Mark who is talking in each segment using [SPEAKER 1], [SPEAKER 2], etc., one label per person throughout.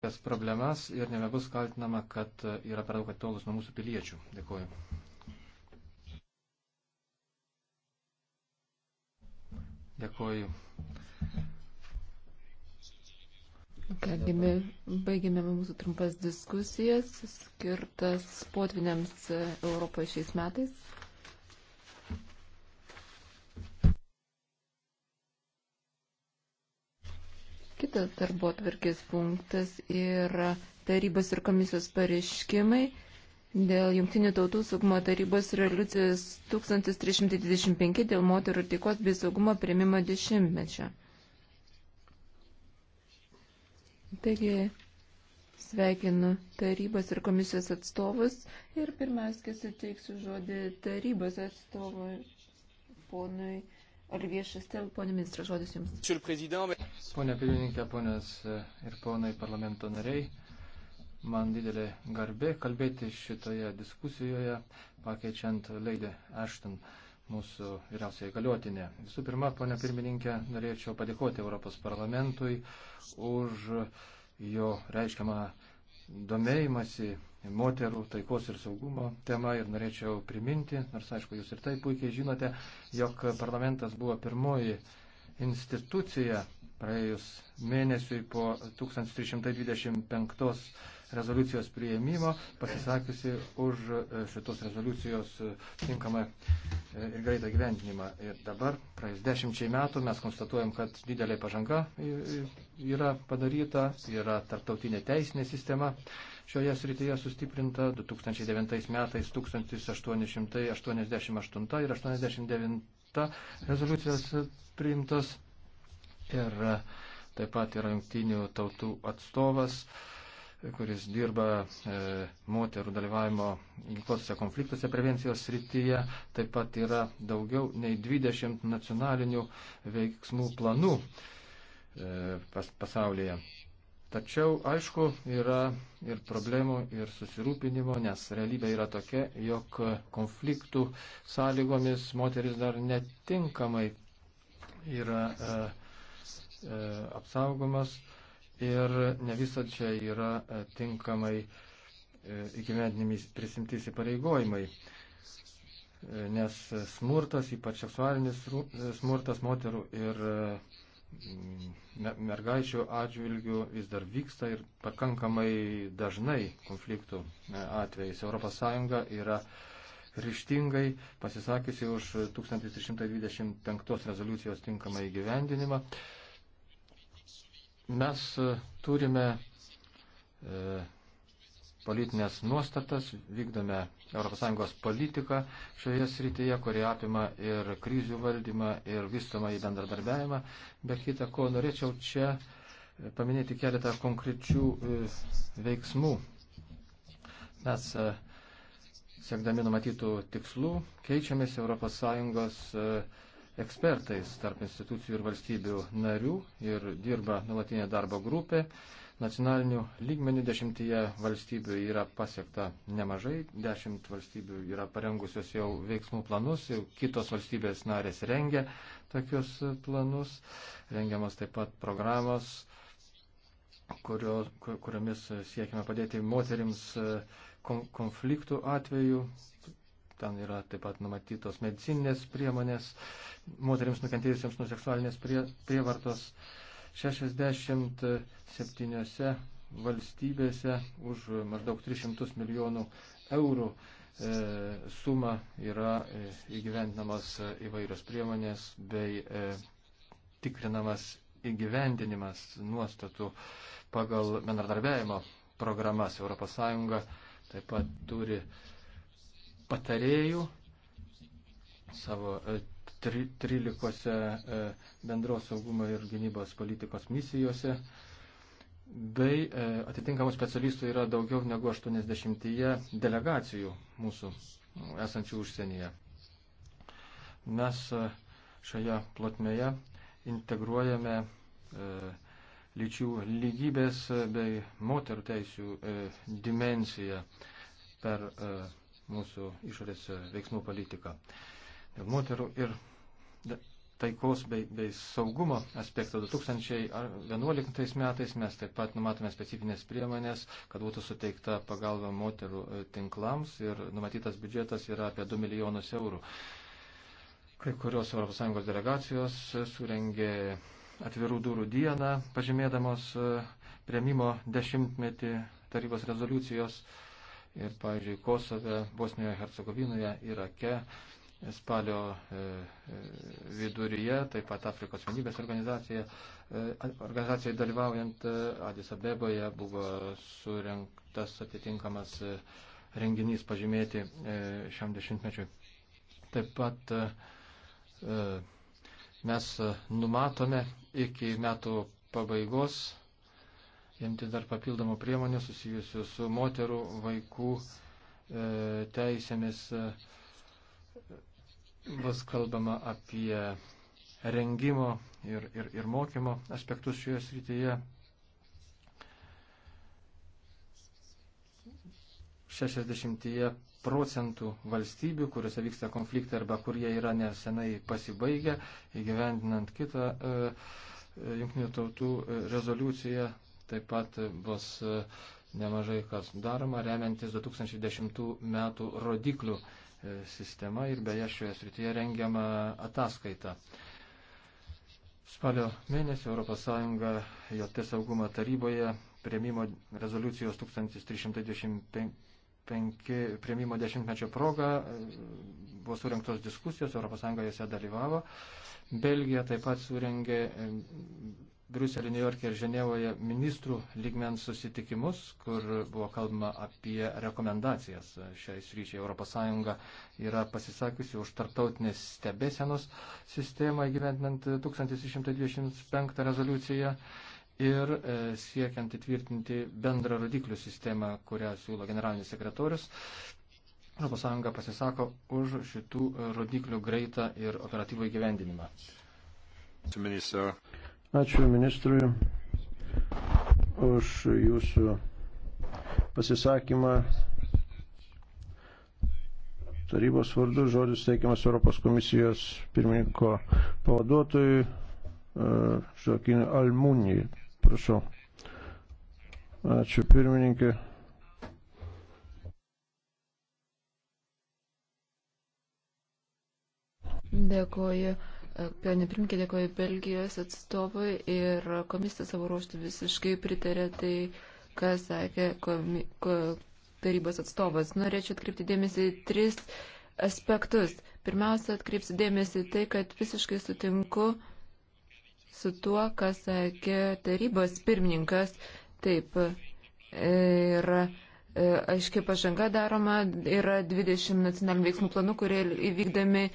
[SPEAKER 1] tas problemas ir nebebus kaltinama, kad e, yra per daug atitolus nuo mūsų piliečių. Dėkuoju. Dėkuoju.
[SPEAKER 2] Kągi, baigėme mūsų trumpas diskusijas skirtas potviniams e, Europoje šiais metais. kitas darbo atvarkės punktas yra tarybos ir komisijos pareiškimai dėl Junktinių tautų saugumo tarybos rezoliucijos 1325 dėl moterų taikos bei saugumo prieimimo dešimtmečio. Taigi sveikinu tarybos ir komisijos atstovus ir pirmiausia suteiksiu žodį tarybos atstovui ponui. Olivie Šestel, ponė ministras, žodis jums.
[SPEAKER 1] Pone pirmininkė, ponės ir ponai parlamento nariai, man didelė garbė kalbėti šitoje diskusijoje, pakeičiant Leidę Ashton, mūsų vyriausiai galiotinė. Visų pirma, ponė pirmininkė, norėčiau padėkoti Europos parlamentui už jo reiškiamą domėjimąsi moterų taikos ir saugumo tema ir norėčiau priminti, nors aišku, jūs ir tai puikiai žinote, jog parlamentas buvo pirmoji institucija praėjus mėnesiui po 1325 rezoliucijos prieimimo, pasisakiusi už e, šitos rezoliucijos e, tinkamą e, ir greitą gyvendinimą. Ir dabar, praėjus dešimčiai metų, mes konstatuojam, kad didelė pažanga yra padaryta, yra tarptautinė teisinė sistema šioje srityje sustiprinta 2009 metais 1888 ir 89 rezoliucijos priimtos ir taip pat yra jungtinių tautų atstovas kuris dirba e, moterų dalyvavimo ginkluotose konfliktuose prevencijos srityje. Taip pat yra daugiau nei 20 nacionalinių veiksmų planų e, pas, pasaulyje. Tačiau, aišku, yra ir problemų, ir susirūpinimo, nes realybė yra tokia, jog konfliktų sąlygomis moteris dar netinkamai yra e, e, apsaugomas ir ne visad čia yra e, tinkamai e, įgyvendinimi prisimti įsipareigojimai. E, nes smurtas, ypač seksualinis e, smurtas moterų ir e, Mm, mergaičių atžvilgių vis dar vyksta ir pakankamai dažnai konfliktų e, atvejais. ES yra ryštingai pasisakiusi už 1325 rezoliucijos tinkamą įgyvendinimą. Mes e, turime e, politinės nuostatas, vykdome ES politiką šioje srityje, kurie apima ir krizių valdymą, ir vystomą į bendradarbiavimą. Be kita ko, norėčiau čia paminėti keletą konkrečių e, veiksmų. Mes e, siekdami numatytų tikslų keičiamės ES e, ekspertais tarp institucijų ir valstybių narių ir dirba nulatinė darbo grupė Nacionalinių lygmenių dešimtyje valstybių yra pasiekta nemažai, dešimt valstybių yra parengusios jau veiksmų planus, jau kitos valstybės narės rengia tokius planus, rengiamas taip pat programos, kurio, kuriomis siekime padėti moterims e, konfliktų atveju. Ten yra taip pat numatytos medicininės priemonės moteriams nukentėjusiems nuo seksualinės prie, prievartos. Prie 67 valstybėse už maždaug 300 milijonų eurų e, suma yra e, įgyvendinamas e, įvairios priemonės bei tikrinamas įgyvendinimas nuostatų pagal bendradarbiavimo programas. ES taip pat turi patarėjų savo 13 e, bendros saugumo ir gynybos politikos misijose, bei e, atitinkamų specialistų yra daugiau negu 80 delegacijų mūsų esančių užsienyje. Mes e, šioje plotmėje integruojame lyčių lygybės bei moterų teisių e, dimensiją per e, mūsų išorės veiksmų politiką. E, ir moterų, ir taikos bei, bei saugumo aspektą. 2011 metais mes taip pat numatome specifinės priemonės, kad būtų suteikta pagalba moterų e, tinklams ir numatytas biudžetas yra apie 2 milijonus eurų. Kai kurios ES delegacijos surengė atvirų durų dieną, pažymėdamos e, prieimimo dešimtmetį tarybos rezoliucijos ir, pavyzdžiui, Kosove, Bosnijoje, Hercegovinoje, Irake spalio e, e, viduryje, taip pat Afrikos vienybės organizacija. E, organizacijai dalyvaujant Adis Abeboje buvo surinktas atitinkamas renginys pažymėti šiam dešimtmečiui. Taip pat mes numatome iki metų pabaigos imti dar papildomų priemonių susijusių su moterų, vaikų teisėmis bus kalbama apie rengimo ir, ir, ir mokymo aspektus šioje srityje. 60 procentų valstybių, kuriuose vyksta konfliktai arba kur jie yra nesenai pasibaigę, įgyvendinant kitą e, e jungtinių tautų e, rezoliuciją, taip pat bus e, nemažai kas daroma, remiantis 2010 metų rodiklių E, sistema ir beje šioje srityje rengiama ataskaita. Spalio mėnesį ES JT saugumo taryboje prieimimo rezoliucijos 1325 prieimimo dešimtmečio proga e, buvo surinktos diskusijos, ES jose dalyvavo. Belgija taip pat surengė e, Briuselį, New York ir Ženevoje ministrų lygmens susitikimus, kur buvo kalbama apie rekomendacijas šiai sryčiai. ES yra pasisakiusi už tarptautinės stebėsenos sistemą įgyventinant 1125 rezoliuciją ir e, siekiant įtvirtinti bendrą rodiklių sistemą, kurią siūlo generalinis sekretorius. ES pasisako už šitų rodiklių greitą ir operatyvų įgyvendinimą.
[SPEAKER 3] Minister. Ačiū ministrui už jūsų pasisakymą. Tarybos vardu žodis teikiamas Europos komisijos pirmininko pavaduotojui Žakinė e, Almūnijai. Prašau. Ačiū pirmininkė.
[SPEAKER 2] Dėkuoju. Pane Primkė dėkoju Belgijos atstovui ir komisija savo ruoštų visiškai pritarė tai, ką sakė komi, ko, tarybos atstovas. Norėčiau atkreipti dėmesį į tris aspektus. Pirmiausia, atkreipsiu dėmesį tai, kad visiškai sutinku su tuo, ką sakė tarybos pirmininkas. Taip, ir e, aiškiai pažanga daroma, yra 20 nacionalinių veiksmų planų, kurie įvykdami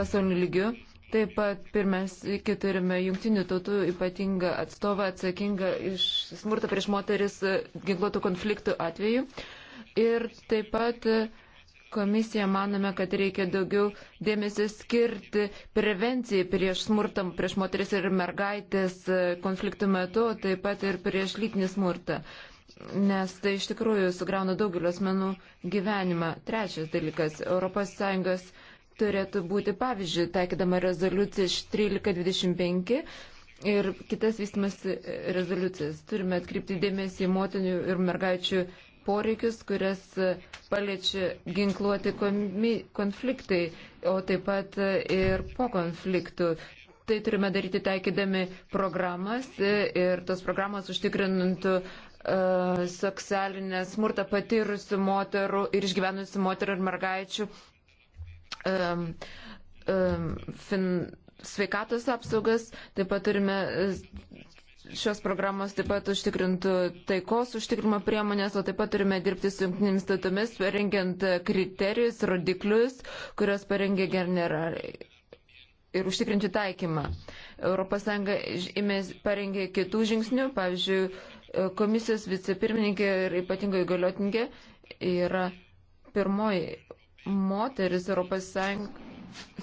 [SPEAKER 2] pasaulio lygiu. Taip pat pirmas, iki turime jungtinių tautų ypatingą atstovą atsakingą iš smurto prieš moteris e, ginkluotų konfliktų atveju. Ir taip pat e, komisija manome, kad reikia daugiau dėmesio skirti prevencijai prieš smurtam, prieš moteris ir mergaitės e, konfliktų metu, taip pat ir prieš lytinį smurtą. Nes tai iš tikrųjų sugrauna daugelio asmenų gyvenimą. Trečias dalykas - ES turėtų būti pavyzdžių, taikydama rezoliuciją 1325 ir kitas vystimas rezoliucijas. Turime atkreipti dėmesį į motinių ir mergaičių poreikius, kurias paliečia ginkluoti konfliktai, o taip pat ir po konfliktų. Tai turime daryti taikydami programas ir tos programos užtikrinantų e, seksualinę smurtą patyrusių moterų ir išgyvenusių moterų ir mergaičių um, um, fin, sveikatos apsaugas, taip pat turime e, šios programos taip pat užtikrintų taikos užtikrimo priemonės, o taip pat turime dirbti su jungtinėmis tautomis, parengiant e, kriterijus, rodiklius, kurios parengė generalai. Ir užtikrinti taikymą. ES parengė kitų žingsnių, pavyzdžiui, e, komisijos vicepirmininkė ir ypatingo įgaliotingė yra pirmoji moteris Europos Sąjungos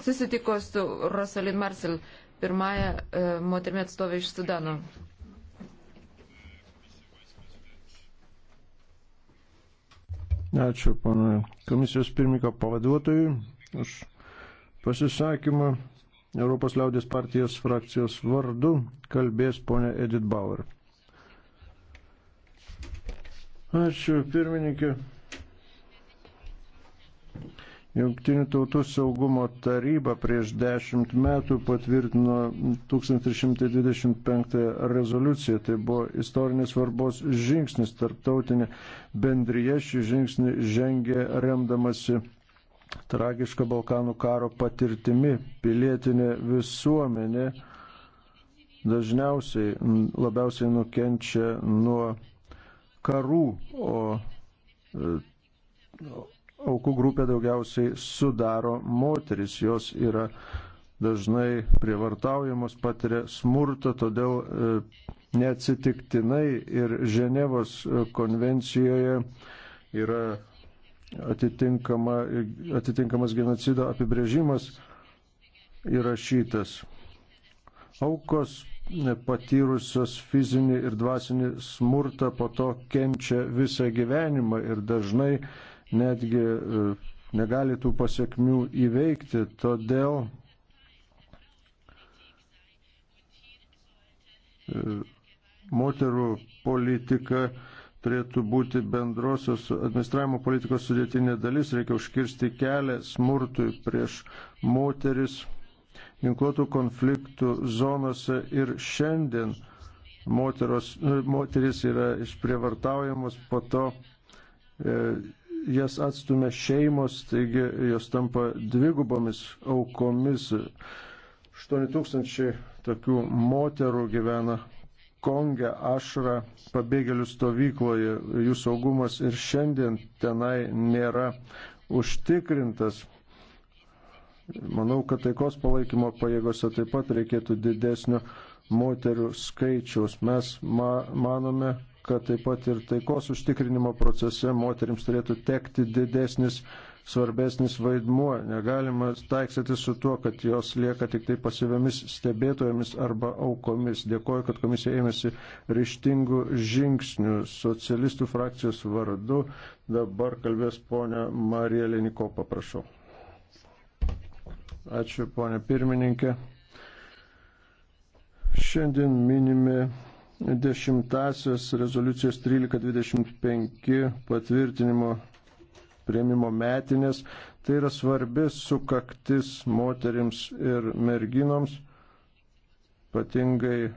[SPEAKER 2] susitiko su Rosalyn Marcel, pirmąją e, moterimi atstovę iš Sudano.
[SPEAKER 3] Ačiū, pana komisijos pirmininko pavaduotojui, už pasisakymą. Europos liaudės partijos frakcijos vardu kalbės ponia Edith Bauer. Ačiū, pirmininkė. Junktinių tautų saugumo taryba prieš dešimt metų patvirtino 1325 rezoliuciją. Tai buvo istorinės svarbos žingsnis. Tarptautinė bendryje šį žingsnį žengė remdamasi tragišką Balkanų karo patirtimi. Pilietinė visuomenė dažniausiai labiausiai nukenčia nuo karų, o, o e, aukų grupę daugiausiai sudaro moteris, jos yra dažnai prievartaujamos, patiria smurtą, todėl e, neatsitiktinai ir Ženevos e, konvencijoje yra atitinkama, atitinkamas genocido apibrėžimas įrašytas. Aukos e, patyrusios fizinį ir dvasinį smurtą po to kenčia visą gyvenimą ir dažnai netgi e, negali tų pasiekmių įveikti. Todėl e, moterų politika turėtų būti bendrosios administravimo politikos sudėtinė dalis, reikia užkirsti kelią smurtui prieš moteris ginkluotų konfliktų zonose ir šiandien moteros, moteris yra išprievartaujamos po to e, jas atstumia šeimos, taigi jos tampa dvigubomis aukomis. 8000 tokių moterų gyvena Konge, Ašra, pabėgėlių stovykloje. Jų saugumas ir šiandien tenai nėra užtikrintas. Manau, kad taikos palaikymo pajėgose taip pat reikėtų didesnio moterių skaičiaus. Mes ma manome, kad taip pat ir taikos užtikrinimo procese moteriams turėtų tekti didesnis, svarbesnis vaidmuo. Negalima taiksyti su tuo, kad jos lieka tik tai pasiviamis stebėtojomis arba aukomis. Dėkoju, kad komisija ėmėsi ryštingų žingsnių. Socialistų frakcijos vardu dabar kalbės ponia Marija Leniko, paprašau. Ačiū, ponia pirmininkė. Šiandien minime dešimtasios rezoliucijos 1325 patvirtinimo prieimimo metinės. Tai yra svarbi sukaktis moterims ir merginoms, ypatingai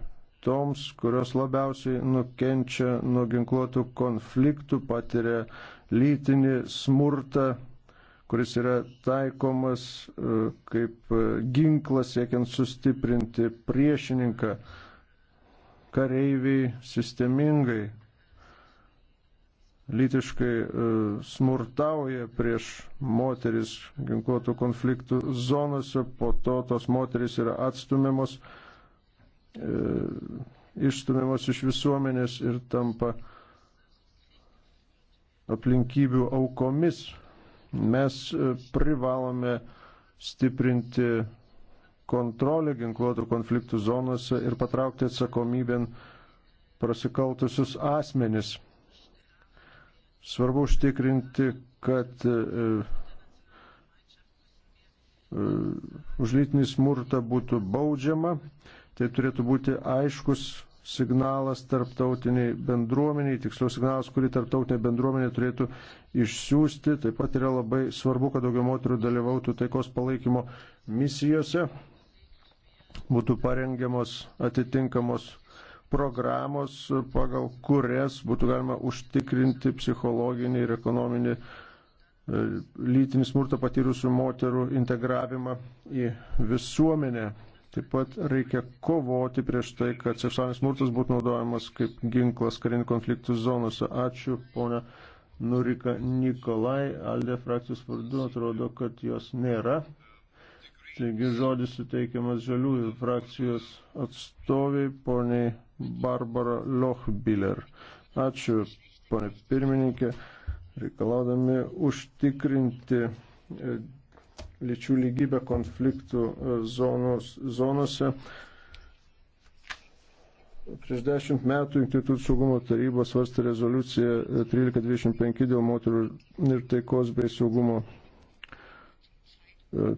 [SPEAKER 3] toms, kurios labiausiai nukenčia nuo ginkluotų konfliktų, patiria lytinį smurtą, kuris yra taikomas e, kaip e, ginklas siekiant sustiprinti priešininką kareiviai sistemingai lytiškai e, smurtauja prieš moteris ginkluotų konfliktų zonose, po to tos moteris yra atstumiamos, e, išstumiamos iš visuomenės ir tampa aplinkybių aukomis. Mes e, privalome stiprinti kontrolę ginkluotų konfliktų zonose ir patraukti atsakomybėn prasikaltusius asmenis. Svarbu užtikrinti, kad e, e, už lytinį smurtą būtų baudžiama, tai turėtų būti aiškus signalas tarptautiniai bendruomeniai, tiksliau signalas, kurį tarptautinė bendruomenė turėtų išsiųsti. Taip pat yra labai svarbu, kad daugiau moterų dalyvautų taikos palaikymo misijose būtų parengiamos atitinkamos programos, pagal kurias būtų galima užtikrinti psichologinį ir ekonominį e, lytinį smurtą patyrusių moterų integravimą į visuomenę. Taip pat reikia kovoti prieš tai, kad seksualinis smurtas būtų naudojamas kaip ginklas karinių konfliktų zonose. Ačiū, ponia Nurika Nikolai. Alde frakcijos vardu atrodo, kad jos nėra. Taigi žodis suteikiamas žaliųjų frakcijos atstoviai, poniai Barbara Lochbiller. Ačiū, ponė pirmininkė, reikalaudami užtikrinti e, lyčių lygybę konfliktų e, zonos, zonose. Prieš dešimt metų Junktinių saugumo tarybos svarstė rezoliuciją 1325 e, dėl moterų ir taikos bei saugumo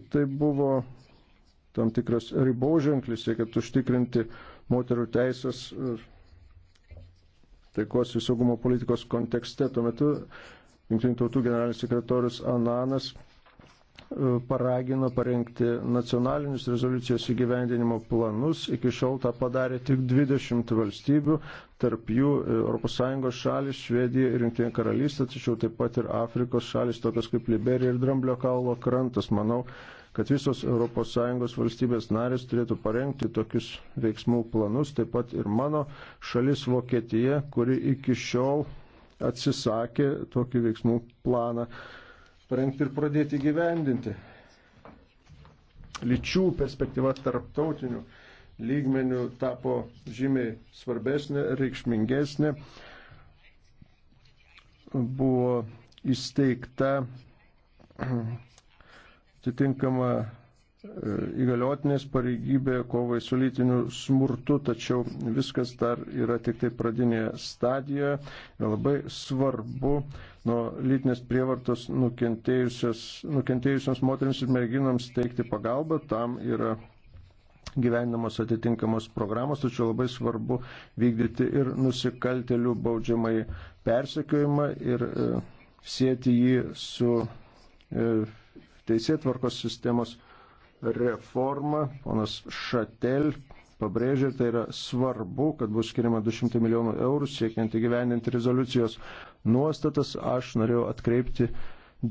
[SPEAKER 3] Tai buvo tam tikras riboženklis, siekiant užtikrinti moterų teisės taikos ir saugumo politikos kontekste. Tuo metu Junktinių tautų generalinis sekretorius Ananas E, paragino parengti nacionalinius rezoliucijos įgyvendinimo planus. Iki šiol tą padarė tik 20 valstybių, tarp jų ES šalis, Švedija ir Junktinė karalystė, tačiau taip pat ir Afrikos šalis, tokios kaip Liberija ir Dramblio kaulo krantas. Manau, kad visos ES valstybės narės turėtų parengti tokius veiksmų planus, taip pat ir mano šalis Vokietija, kuri iki šiol atsisakė tokį veiksmų planą parengti ir pradėti gyvendinti. Lyčių perspektyva tarptautinių lygmenių tapo žymiai svarbesnė, reikšmingesnė. Buvo įsteigta atitinkama E, įgaliotinės pareigybė kovai su lytiniu smurtu, tačiau viskas dar yra tik tai pradinėje stadijoje. Labai svarbu nuo lytinės prievartos nukentėjusios moteriams ir merginams teikti pagalbą, tam yra gyvenimos atitinkamos programos, tačiau labai svarbu vykdyti ir nusikaltelių baudžiamai persekiojimą ir e, sėti jį su e, teisėtvarkos sistemos reformą. Ponas Šatel pabrėžė, tai yra svarbu, kad bus skiriama 200 milijonų eurų siekiant įgyvendinti rezoliucijos nuostatas. Aš norėjau atkreipti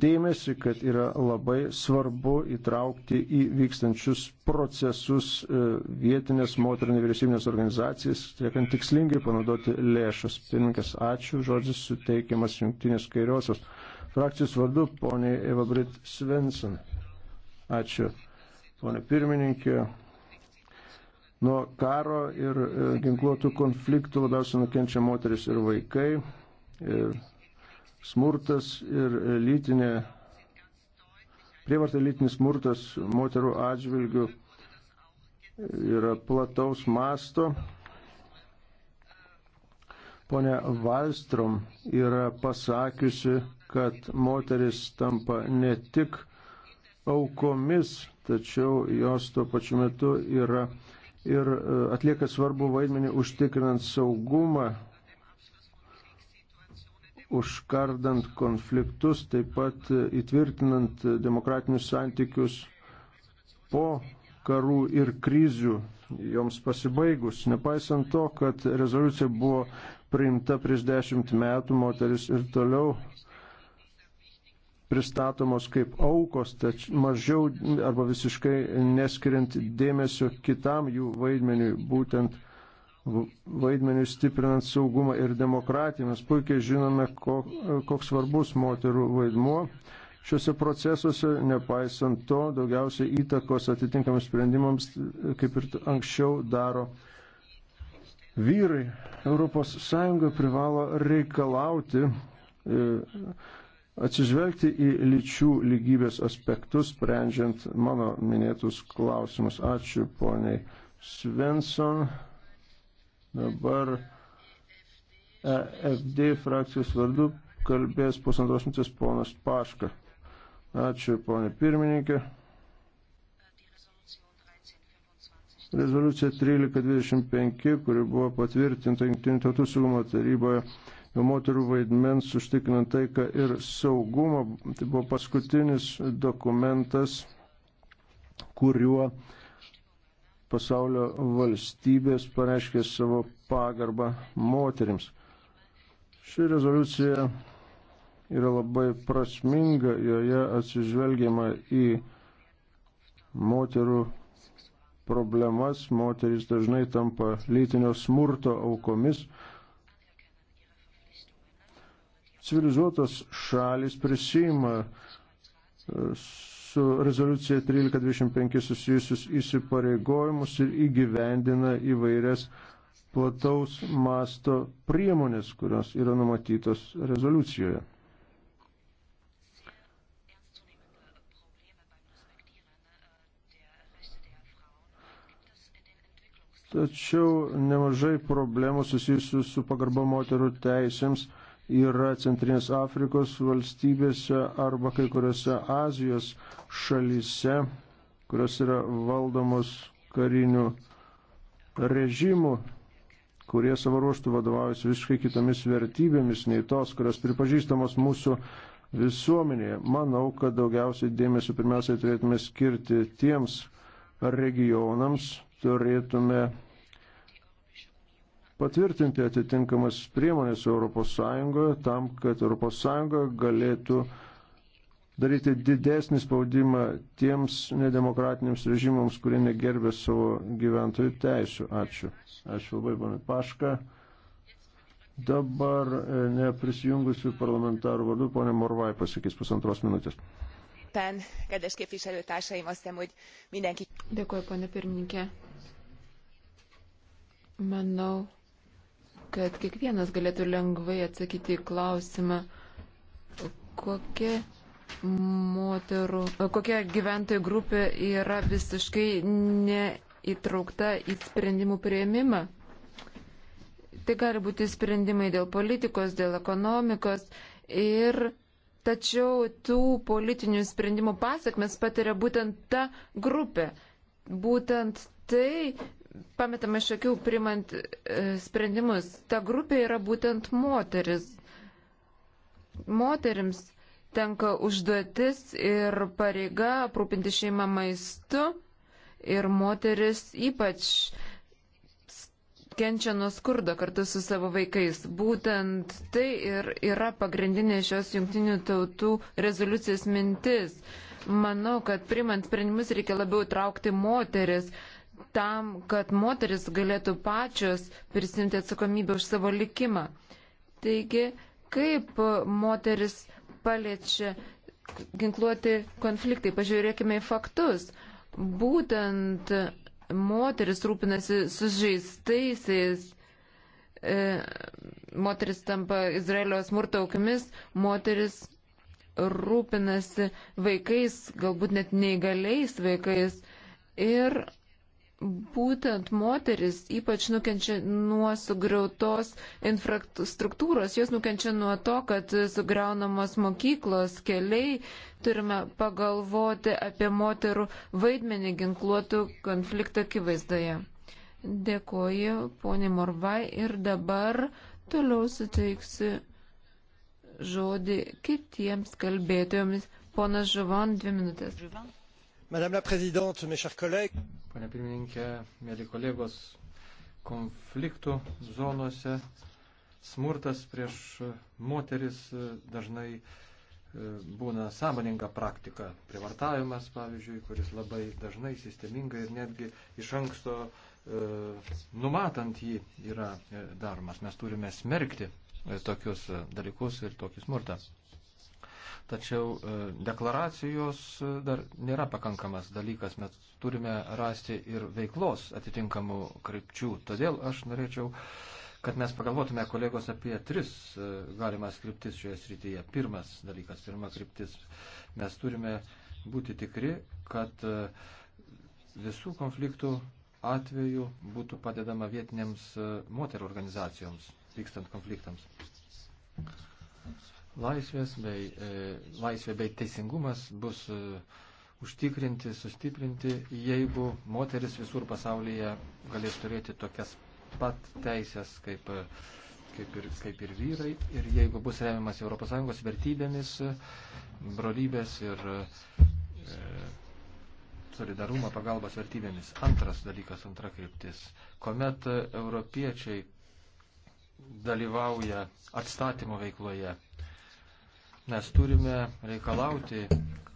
[SPEAKER 3] dėmesį, kad yra labai svarbu įtraukti į vykstančius procesus e, vietinės moterų nevyriausybinės organizacijas, siekiant tikslingai panaudoti lėšas. Pirmininkas, ačiū, žodis suteikiamas jungtinės kairiosios frakcijos vardu, poniai Eva Brit Svensson. Ačiū ponė pirmininkė. Nuo karo ir e, ginkluotų konfliktų labiausiai nukenčia moteris ir vaikai. Ir e, smurtas ir lytinė, prievarta lytinis smurtas moterų atžvilgių yra plataus masto. Pone Valstrom yra pasakiusi, kad moteris tampa ne tik aukomis tačiau jos tuo pačiu metu yra ir e, atlieka svarbu vaidmenį užtikrinant saugumą, užkardant konfliktus, taip pat įtvirtinant demokratinius santykius po karų ir krizių joms pasibaigus. Nepaisant to, kad rezoliucija buvo priimta prieš dešimt metų, moteris ir toliau pristatomos kaip aukos, tačiau mažiau arba visiškai neskiriant dėmesio kitam jų vaidmeniui, būtent vaidmeniui stiprinant saugumą ir demokratiją. Mes puikiai žinome, koks svarbus moterų vaidmuo. Šiuose procesuose, nepaisant to, daugiausiai įtakos atitinkams sprendimams, kaip ir anksčiau, daro vyrai. ES privalo reikalauti e, atsižvelgti į lyčių lygybės aspektus, sprendžiant mano minėtus klausimus. Ačiū poniai Svensson. Dabar EFD frakcijos vardu kalbės pusantros minutės ponas Paška. Ačiū ponė pirmininkė. Rezoliucija 1325, kuri buvo patvirtinta Junktinių tautų saugumo taryboje moterų vaidmens užtikrinant taiką ir saugumą. Tai buvo paskutinis dokumentas, kuriuo pasaulio valstybės pareiškė savo pagarbą moterims. Ši rezoliucija yra labai prasminga, joje atsižvelgiama į moterų problemas, moteris dažnai tampa lytinio smurto aukomis, Civilizuotos šalis prisima e, su rezoliucija 1325 susijusius įsipareigojimus ir įgyvendina įvairias plataus masto priemonės, kurios yra numatytos rezoliucijoje. Tačiau nemažai problemų susijusių su pagarba moterų teisėms yra Centrinės Afrikos valstybėse arba kai kuriuose Azijos šalyse, kurios yra valdomos karinių režimų, kurie savo ruoštų vadovaujasi visiškai kitomis vertybėmis nei tos, kurios pripažįstamos mūsų visuomenėje. Manau, kad daugiausiai dėmesio pirmiausiai turėtume skirti tiems regionams, turėtume patvirtinti atitinkamas priemonės ES tam, kad ES galėtų daryti didesnį spaudimą tiems nedemokratiniams režimams, kurie negerbė savo gyventojų teisų. Ačiū. Ačiū labai, ponai Paška. Dabar e, neprisijungusių parlamentarų vardu, ponė Morvai pasakys pusantros minutės.
[SPEAKER 2] Pen, kedves képviselőtársaim, azt hiszem, hogy mindenki. Dėkuoju, ponė pirmininkė. Manau, kad kiekvienas galėtų lengvai atsakyti į klausimą, kokia, moterų, kokia gyventojų grupė yra visiškai neįtraukta į sprendimų prieimimą. Tai gali būti sprendimai dėl politikos, dėl ekonomikos ir tačiau tų politinių sprendimų pasiekmes patiria būtent ta grupė. Būtent tai pametama iš akių primant e, sprendimus. Ta grupė yra būtent moteris. Moterims tenka užduotis ir pareiga aprūpinti šeimą maistu ir moteris ypač kenčia nuo skurdo kartu su savo vaikais. Būtent tai ir yra pagrindinė šios jungtinių tautų rezoliucijos mintis. Manau, kad primant sprendimus reikia labiau traukti moteris, tam, kad moteris galėtų pačios prisimti atsakomybę už savo likimą. Taigi, kaip moteris paliečia ginkluoti konfliktai? Pažiūrėkime į faktus. Būtent moteris rūpinasi sužeistaisiais, e, moteris tampa Izraelio smurto aukimis, moteris rūpinasi vaikais, galbūt net neįgaliais vaikais. Ir būtent moteris ypač nukenčia nuo sugriautos infrastruktūros, jos nukenčia nuo to, kad sugriaunamos mokyklos, keliai. Turime pagalvoti apie moterų vaidmenį ginkluotų konfliktų akivaizdoje. Dėkoju, ponė Morvai, ir dabar toliau suteiksiu žodį kitiems kalbėtojams. Ponas Žuvan, dvi minutės.
[SPEAKER 1] Madame la Présidente, mes chers collègues. Pone pirmininkė, mėly kolegos, konfliktų zonose smurtas prieš moteris e, dažnai e, būna sąmoninga praktika. Privartavimas, pavyzdžiui, kuris labai dažnai sistemingai ir netgi iš anksto e, numatant jį yra daromas. Mes turime smerkti tokius dalykus ir tokį smurtą. Tačiau e, deklaracijos e, dar nėra pakankamas dalykas, mes turime rasti ir veiklos atitinkamų krypčių. Todėl aš norėčiau, kad mes pagalvotume, kolegos, apie tris e, galimas kryptis šioje srityje. Pirmas dalykas, pirma kryptis, mes turime būti tikri, kad visų konfliktų atveju būtų padedama vietinėms moterų organizacijoms vykstant konfliktams laisvės bei, e, laisvė bei teisingumas bus e, užtikrinti, sustiprinti, jeigu moteris visur pasaulyje galės turėti tokias pat teisės kaip, e, kaip, ir, kaip ir vyrai ir jeigu bus remiamas ES vertybėmis, brolybės ir e, solidarumo pagalbos vertybėmis. Antras dalykas, antra kryptis. Komet europiečiai dalyvauja atstatymo veikloje Mes turime reikalauti,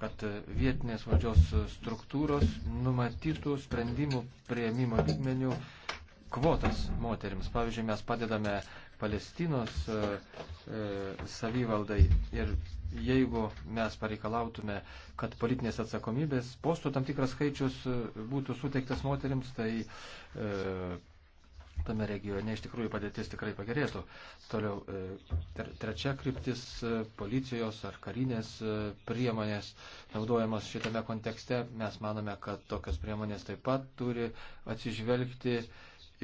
[SPEAKER 1] kad vietinės valdžios struktūros numatytų sprendimų prieimimo lygmenių kvotas moteriams. Pavyzdžiui, mes padedame Palestinos e, e, savivaldai ir jeigu mes pareikalautume, kad politinės atsakomybės postų tam tikras skaičius e, būtų suteiktas moteriams, tai e, tame regione iš tikrųjų padėtis tikrai pagerėtų. Toliau e, trečia kryptis e, - policijos ar karinės e, priemonės naudojamas šitame kontekste. Mes manome, kad tokios priemonės taip pat turi atsižvelgti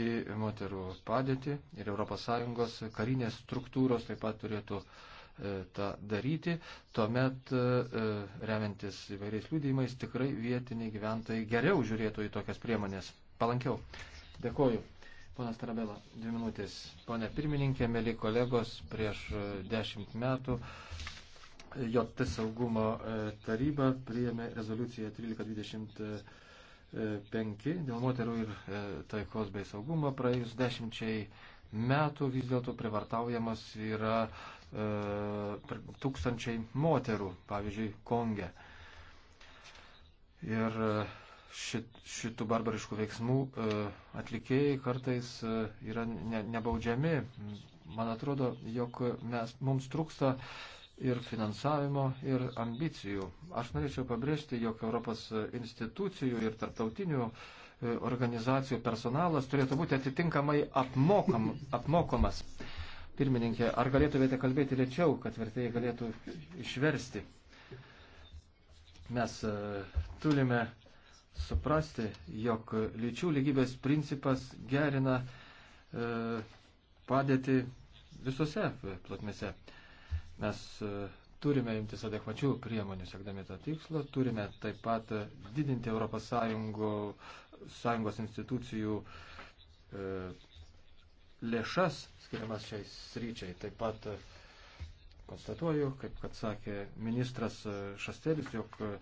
[SPEAKER 1] į moterų padėtį ir ES karinės struktūros taip pat turėtų tą daryti, tuomet remiantis įvairiais liūdėjimais tikrai vietiniai gyventojai geriau žiūrėtų į tokias priemonės. Palankiau. Dėkoju. Ponas Trabela, dvi minutės. Pone pirmininkė, mėly kolegos, prieš e, dešimt metų e, JT saugumo e, taryba priėmė rezoliuciją 1325 dėl moterų ir taikos bei saugumo. Praėjus dešimčiai metų vis dėlto privartaujamas yra e, tūkstančiai moterų, pavyzdžiui, Konge. Ir e, šit, šitų barbariškų veiksmų e, atlikėjai kartais e, yra ne, nebaudžiami. Man atrodo, jog mes, mums trūksta ir finansavimo, ir ambicijų. Aš norėčiau pabrėžti, jog Europos institucijų ir tarptautinių e, organizacijų personalas turėtų būti atitinkamai apmokam, apmokomas. Pirmininkė, ar galėtumėte kalbėti lėčiau, kad vertėjai galėtų išversti? Mes turime suprasti, jog lyčių lygybės principas gerina e, padėti visose plotmėse. Mes e, turime imtis adekvačių priemonių, siekdami tą tikslą, turime taip pat didinti ES sąjungos institucijų e, lėšas skiriamas šiai sryčiai. Taip pat e, konstatuoju, kaip kad sakė ministras e, Šastelis, jog e,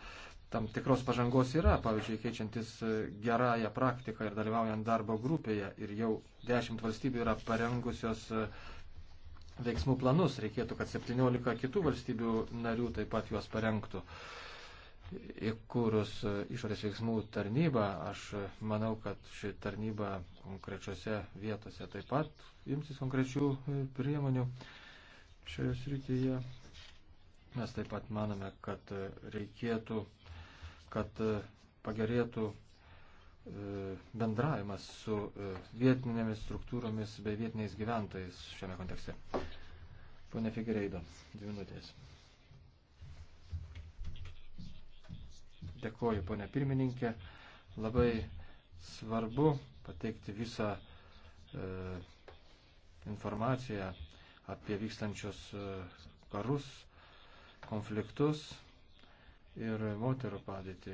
[SPEAKER 1] tam tikros pažangos yra, pavyzdžiui, keičiantis e, gerąją praktiką ir dalyvaujant darbo grupėje ir jau dešimt valstybių yra parengusios e, veiksmų planus, reikėtų, kad 17 kitų valstybių narių taip pat juos parengtų. Įkūrus e, išorės veiksmų tarnybą, aš manau, kad ši tarnyba konkrečiose vietose taip pat imsis konkrečių priemonių šioje srityje. Mes taip pat manome, kad reikėtų kad e, pagerėtų e, bendravimas su e, vietinėmis struktūromis bei vietiniais gyventojais šiame kontekste. Pone Figereido, dvi minutės. Dėkuoju, ponė pirmininkė. Labai svarbu pateikti visą e, informaciją apie vykstančius karus, konfliktus, ir moterų padėtį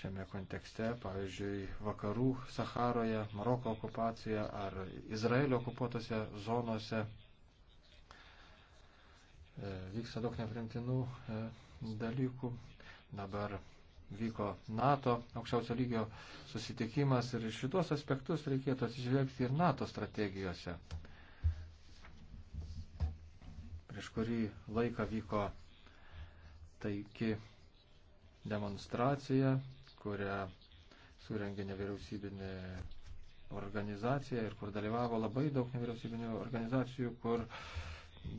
[SPEAKER 1] šiame kontekste, pavyzdžiui, vakarų Saharoje, Maroko okupacijoje ar Izraelio okupuotose zonose e, vyksta daug neprimtinų e, dalykų. Dabar vyko NATO aukščiausio lygio susitikimas ir šitos aspektus reikėtų atsižvelgti ir NATO strategijose. Prieš kurį laiką vyko taiki demonstracija, kurią surengė nevyriausybinė organizacija ir kur dalyvavo labai daug nevyriausybinių organizacijų, kur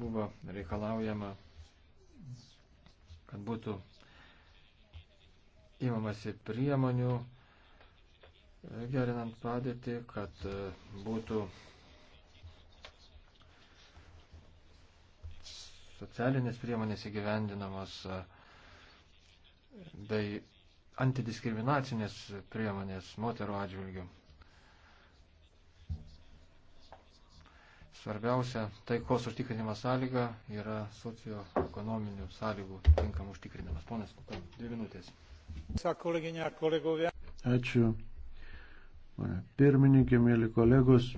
[SPEAKER 1] buvo reikalaujama, kad būtų įmamasi priemonių, gerinant padėtį, kad e, būtų socialinės priemonės įgyvendinamos e, bei tai antidiskriminacinės priemonės moterų atžvilgių. Svarbiausia taikos užtikrinimo sąlyga yra socioekonominių sąlygų tinkam užtikrinimas. Ponas, dvi minutės.
[SPEAKER 3] Ačiū. Mane pirmininkė, mėly kolegos.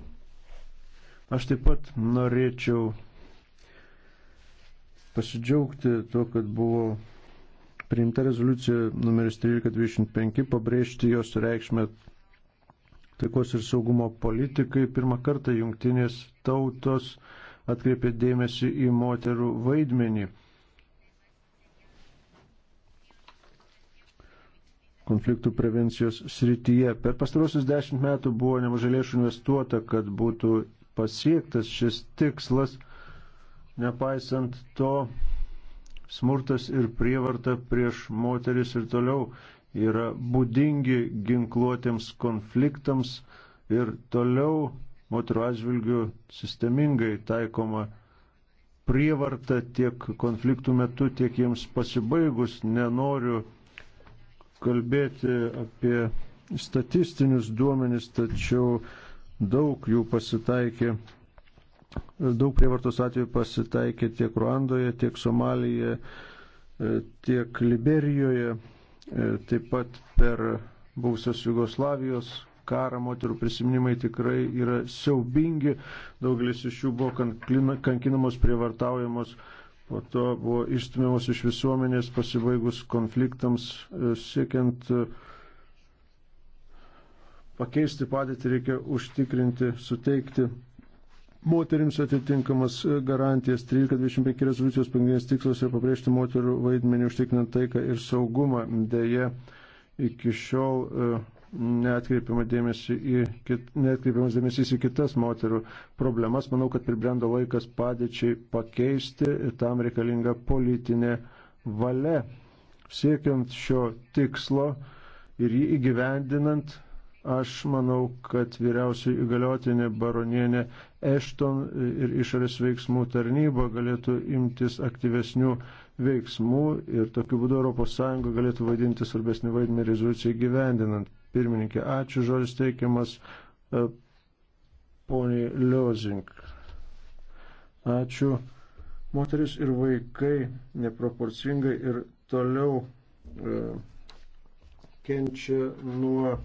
[SPEAKER 3] Aš taip pat norėčiau pasidžiaugti to, kad buvo priimta rezoliucija numeris 1325 pabrėžti jos reikšmę taikos ir saugumo politikai. Pirmą kartą jungtinės tautos atkreipė dėmesį į moterų vaidmenį. konfliktų prevencijos srityje. Per pastarosius dešimt metų buvo nemažai lėšų investuota, kad būtų pasiektas šis tikslas. Nepaisant to, smurtas ir prievarta prieš moteris ir toliau yra būdingi ginkluotėms konfliktams ir toliau moterų atžvilgių sistemingai taikoma prievarta tiek konfliktų metu, tiek jiems pasibaigus. Nenoriu kalbėti apie statistinius duomenis, tačiau daug jų pasitaikė Daug prievartos atvejų pasitaikė tiek Ruandoje, tiek Somalijoje, e, tiek Liberijoje, e, taip pat per buvusios Jugoslavijos karą moterų prisiminimai tikrai yra siaubingi, daugelis iš jų buvo kankinamos, prievartaujamos, po to buvo išstumiamos iš visuomenės pasibaigus konfliktams, e, siekiant pakeisti padėtį reikia užtikrinti, suteikti moterims atitinkamas e, garantijas. 1325 rezoliucijos pagrindinis tikslas yra pabrėžti moterų vaidmenį užtikrinant taiką ir saugumą. Deja, iki šiol e, neatkreipiamas dėmesys į kitas moterų problemas. Manau, kad pribrendo laikas padėčiai pakeisti ir e, tam reikalinga politinė valia. Siekiant šio tikslo ir jį įgyvendinant Aš manau, kad vyriausiai įgaliotinė baronienė Ešton ir išorės veiksmų tarnyba galėtų imtis aktyvesnių veiksmų ir tokiu būdu ES galėtų vaidinti svarbesnį vaidmenį rezoliucijai gyvendinant. Pirmininkė, ačiū, žodis teikiamas e, poniai Liozink. Ačiū. Moteris ir vaikai neproporcingai ir toliau e, kenčia nuo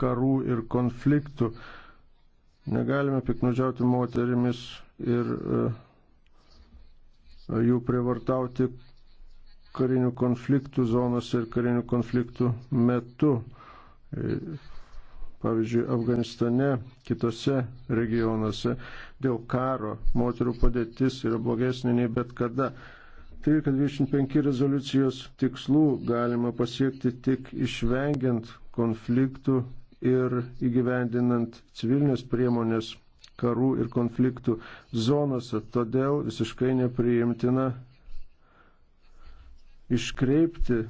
[SPEAKER 3] karų ir konfliktų. Negalime piknudžiauti moterimis ir e, jų prievartauti karinių konfliktų zonose ir karinių konfliktų metu. E, pavyzdžiui, Afganistane, kitose regionuose dėl karo moterų padėtis yra blogesnė nei bet kada. 1325 rezoliucijos tikslų galima pasiekti tik išvengiant konfliktų ir įgyvendinant civilinės priemonės karų ir konfliktų zonose. Todėl visiškai nepriimtina iškreipti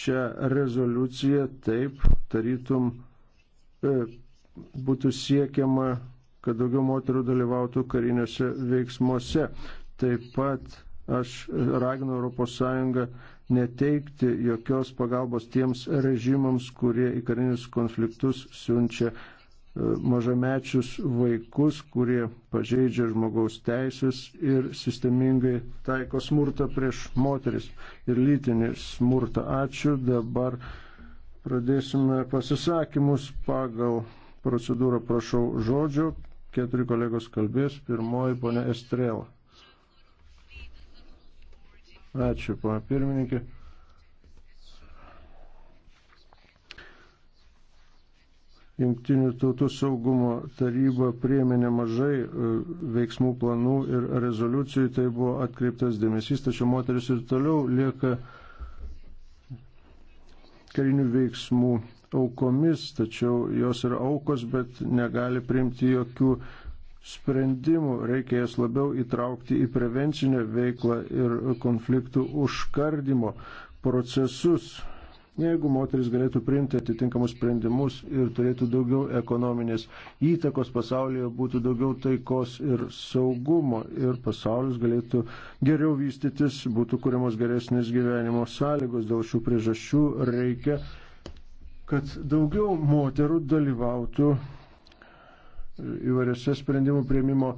[SPEAKER 3] šią rezoliuciją taip, tarytum e, būtų siekiama, kad daugiau moterų dalyvautų kariniuose veiksmuose. Taip pat Aš raginu ES neteikti jokios pagalbos tiems režimams, kurie į karinius konfliktus siunčia e, mažamečius vaikus, kurie pažeidžia žmogaus teisės ir sistemingai taiko smurtą prieš moteris ir lytinį smurtą. Ačiū. Dabar pradėsime pasisakymus pagal procedūrą. Prašau žodžio. Keturi kolegos kalbės. Pirmoji ponė Estrela. Ačiū, pana pirmininkė. Jungtinių tautų saugumo taryba priėmė nemažai e, veiksmų planų ir rezoliucijų, tai buvo atkreiptas dėmesys, tačiau moteris ir toliau lieka karinių veiksmų aukomis, tačiau jos yra aukos, bet negali priimti jokių sprendimų, reikia jas labiau įtraukti į prevencinę veiklą ir konfliktų užkardimo procesus. Jeigu moteris galėtų priimti atitinkamus sprendimus ir turėtų daugiau ekonominės įtakos pasaulyje, būtų daugiau taikos ir saugumo ir pasaulis galėtų geriau vystytis, būtų kuriamos geresnės gyvenimo sąlygos. Dėl šių priežasčių reikia, kad daugiau moterų dalyvautų įvairiose sprendimų prieimimo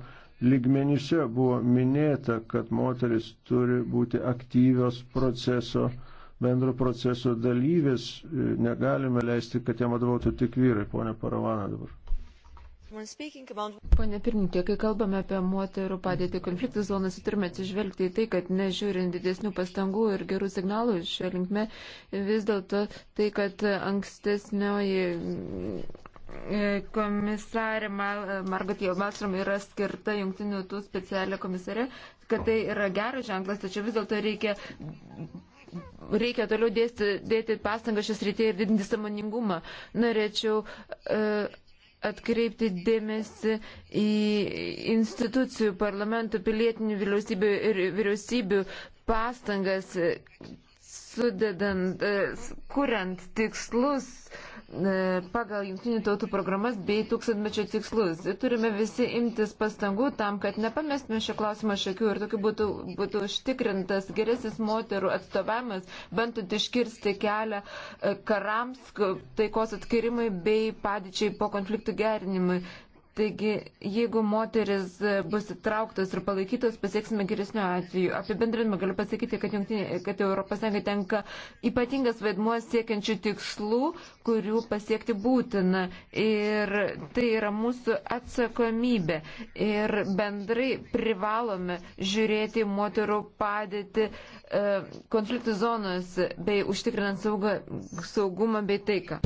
[SPEAKER 3] lygmenyse buvo minėta, kad moteris turi būti aktyvios proceso, bendro proceso dalyvės. Negalime leisti, kad jam vadovautų tik vyrai. Pone Paravana dabar.
[SPEAKER 2] Pane pirmininkė, kai kalbame apie moterų padėtį konfliktų zonose, turime atsižvelgti į tai, kad nežiūrint didesnių pastangų ir gerų signalų šią linkme, vis dėlto tai, kad ankstesnioji E, komisarė e, Margatija Malstrom yra skirta jungtinių tų specialią komisarę, kad tai yra geras ženklas, tačiau vis dėlto reikia reikia toliau dėsti, dėti pastangą šias rytį ir didinti samoningumą. Norėčiau uh, atkreipti dėmesį į institucijų, parlamentų, pilietinių vyriausybių ir vyriausybių pastangas sudedant, e, kuriant tikslus e, pagal jungtinių tautų programas bei tūkstantmečio tikslus. Turime visi imtis pastangų tam, kad nepamestume šio klausimo šakių ir tokiu būtų, būtų užtikrintas geresnis moterų atstovavimas, bandant iškirsti kelią e, karams, taikos atskirimui bei padėčiai po konfliktų gerinimui. Taigi, jeigu moteris bus įtrauktos ir palaikytos, pasieksime geresnių atvejų. Apibendrinimą galiu pasakyti, kad, jungtinė, kad Europos Sąjunga tenka ypatingas vaidmuo siekiančių tikslų, kurių pasiekti būtina. Ir tai yra mūsų atsakomybė. Ir bendrai privalome žiūrėti moterų padėti e, konfliktų zonose bei užtikrinant saugą, saugumą bei taiką.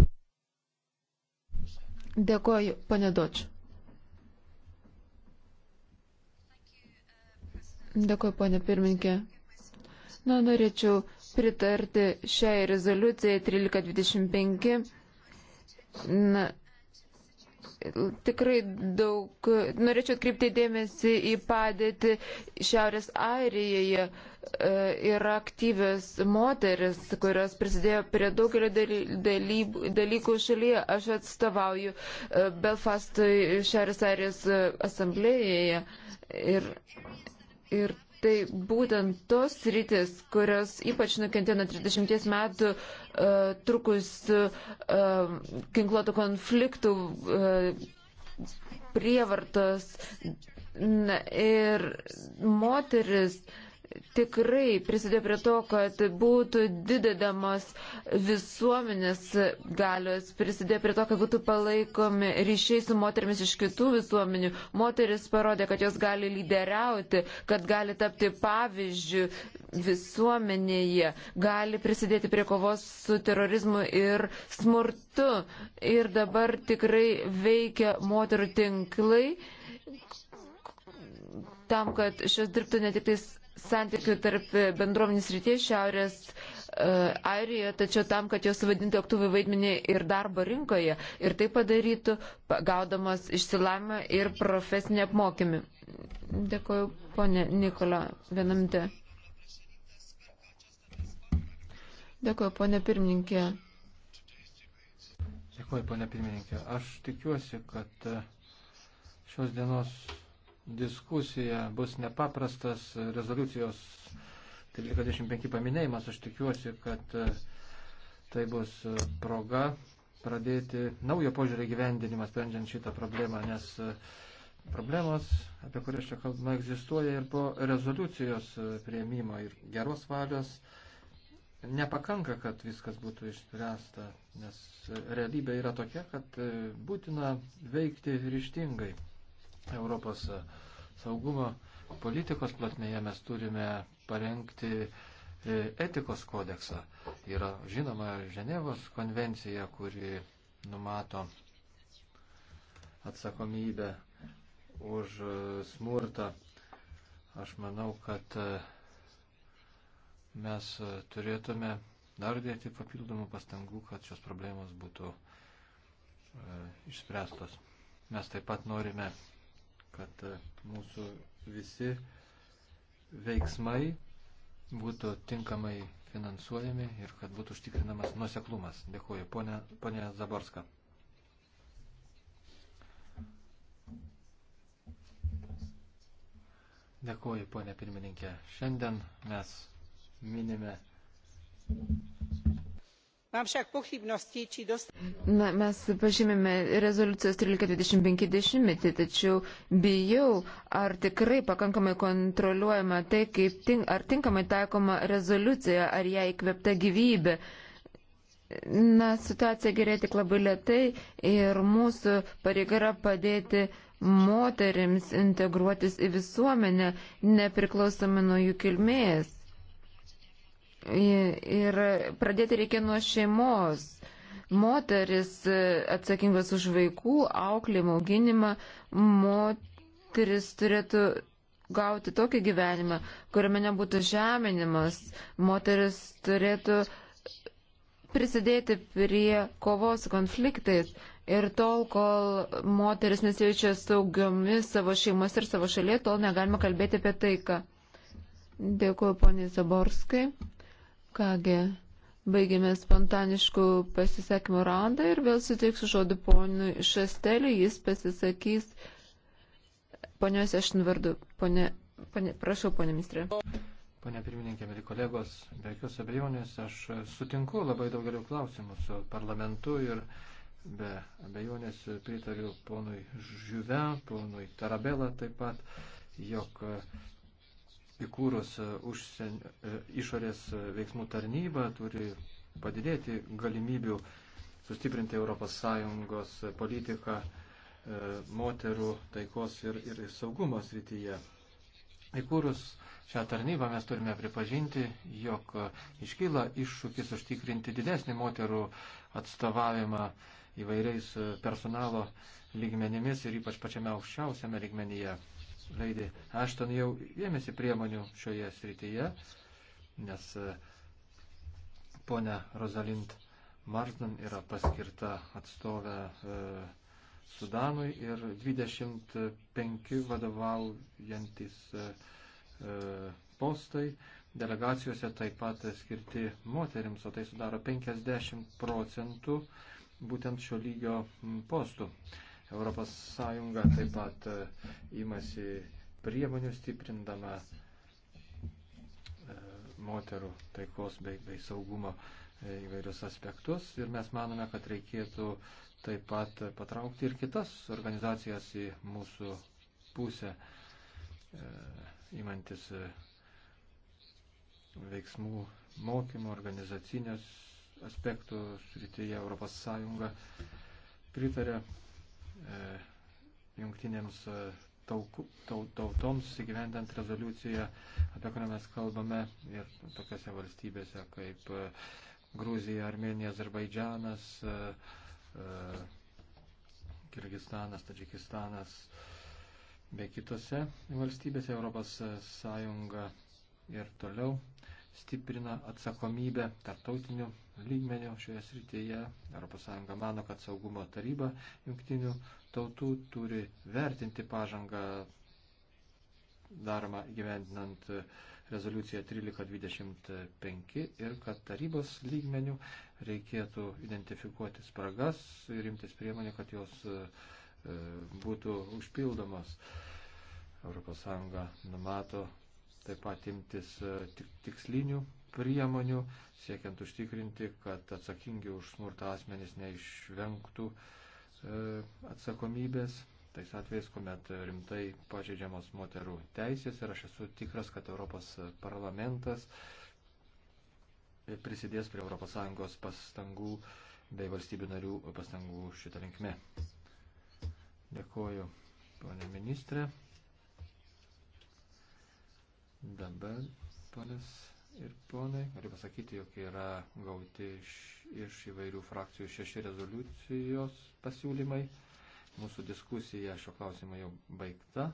[SPEAKER 2] Dėkoju, pane Dočiu. Dėkuoju, ponė pirminkė. Na, norėčiau pritarti šiai rezoliucijai 1325. Na, tikrai daug. Norėčiau atkreipti dėmesį į padėtį Šiaurės Airijoje. E, yra aktyvios moteris, kurios prisidėjo prie daugelio dalykų šalyje. Aš atstovauju e, Belfastui Šiaurės Airijos e, asamblėjoje. Ir Ir tai būtent tos rytis, kurios ypač nukentėjo nuo 30 metų uh, e, trukus uh, e, ginkluotų konfliktų, uh, prievartos. Na, ir moteris uh, tikrai prisidėjo prie to, kad būtų didedamos visuomenės galios, prisidėjo prie to, kad būtų palaikomi ryšiai su moterimis iš kitų visuomenių. Moteris parodė, kad jos gali lyderiauti, kad gali tapti pavyzdžių visuomenėje, gali prisidėti prie kovos su terorizmu ir smurtu. Ir dabar tikrai veikia moterų tinklai tam, kad šios dirbtų ne tik tais santykių tarp bendruomenės ryties šiaurės uh, e, Airijoje, tačiau tam, kad jos vadinti aktyvų vaidmenį ir darbo rinkoje ir tai padarytų, gaudamas išsilavimą ir profesinį apmokymį. Dėkuoju, ponė Nikola, vienam te. Dėkuoju, ponė pirmininkė.
[SPEAKER 1] Dėkuoju, ponė pirmininkė. Aš tikiuosi, kad e, šios dienos diskusija bus nepaprastas rezoliucijos 1325 paminėjimas. Aš tikiuosi, kad e, tai bus e, proga pradėti naujo požiūrį gyvendinimą, sprendžiant šitą problemą, nes e, problemos, apie kurias čia kalbama, egzistuoja ir po rezoliucijos prieimimo ir geros valios nepakanka, kad viskas būtų išspręsta, nes realybė yra tokia, kad būtina veikti ryštingai. Europos e, saugumo politikos platmėje mes turime parengti e, etikos kodeksą. Yra žinoma Ženevos konvencija, kuri numato atsakomybę už e, smurtą. Aš manau, kad mes turėtume dar dėti papildomų pastangų, kad šios problemos būtų išspręstos. Mes taip pat norime kad e, mūsų visi veiksmai būtų tinkamai finansuojami ir kad būtų užtikrinamas nuseklumas. Dėkuoju, ponė, ponė Zaborska. Dėkuoju, ponė pirmininkė. Šiandien mes minime
[SPEAKER 2] Mám však pochybnosti, či dostaneme. Na, mes pažymime rezoliucijos 1325, tačiau bijau, ar tikrai pakankamai kontroliuojama tai, kaip tink, ar tinkamai taikoma rezoliucija, ar ją įkvėpta gyvybė. Na, situacija gerėja tik labai lietai ir mūsų pareiga yra padėti moterims integruotis į visuomenę, nepriklausomai nuo jų kilmės. Ir pradėti reikia nuo šeimos. Moteris atsakingas už vaikų auklėjimą, auginimą, moteris turėtų gauti tokį gyvenimą, kuriame nebūtų žeminimas. Moteris turėtų prisidėti prie kovos konfliktais. Ir tol, kol moteris nesijaučia saugiomis savo šeimos ir savo šalyje, tol negalima kalbėti apie taiką. Dėkuoju, poniai Zaborskai. Kągi, baigėme spontaniškų pasisakymų randą ir vėl suteiksiu žodį ponui Šasteliui, jis pasisakys ponios Ešinvardu. Pone, pone, prašau, ponė ministrė.
[SPEAKER 1] Pane pirmininkė, mėly kolegos, be jokios abejonės aš sutinku labai daugeliu klausimų su parlamentu ir be abejonės pritariu ponui Žiuve, ponui Tarabela taip pat, jog įkūrus e, užsien, e, išorės e, veiksmų tarnybą turi padidėti galimybių sustiprinti ES politiką moterų taikos ir, ir saugumo srityje. Įkūrus šią tarnybą mes turime pripažinti, jog iškyla iššūkis užtikrinti didesnį moterų atstovavimą įvairiais personalo lygmenimis ir ypač pačiame aukščiausiame lygmenyje. Leidė Ašton jau ėmėsi priemonių šioje srityje, nes e, ponia Rozalind Marsden yra paskirta atstovė e, Sudanui ir 25 vadovaujantis e, postai delegacijose taip pat skirti moteriams, o tai sudaro 50 procentų būtent šio lygio postų. Europos Sąjunga taip pat įmasi e, priemonių stiprindama e, moterų taikos bei, bei saugumo e, įvairius aspektus ir mes manome, kad reikėtų taip pat patraukti ir kitas organizacijas į mūsų pusę, įmantis veiksmų mokymo organizacinės aspektų srityje Europos Sąjunga pritarė E, jungtinėms e, tautoms įgyvendant rezoliuciją, apie kurią mes kalbame ir tokiose valstybėse kaip e, Gruzija, Armenija, Azerbaidžianas, Kirgistanas, Tadžikistanas, bei kitose valstybėse Europos Sąjunga ir toliau stiprina atsakomybę tarptautiniu lygmeniu šioje srityje. ES mano, kad saugumo taryba jungtinių tautų turi vertinti pažangą daroma gyvendinant rezoliuciją 1325 ir kad tarybos lygmenių reikėtų identifikuoti spragas ir imtis priemonių, kad jos e, būtų užpildomos. ES numato taip pat imtis e, tikslinių priemonių, siekiant užtikrinti, kad atsakingi už smurtą asmenys neišvengtų e, atsakomybės, tais atvejais, kuomet rimtai pažeidžiamos moterų teisės ir aš esu tikras, kad Europos parlamentas prisidės prie ES pastangų bei valstybių narių pastangų šitą linkme. Dėkuoju, ponė ministrė. Dabar, ponas ir ponai, galiu pasakyti, jog yra gauti iš, iš įvairių frakcijų šeši rezoliucijos pasiūlymai. Mūsų diskusija šio klausimo jau baigta.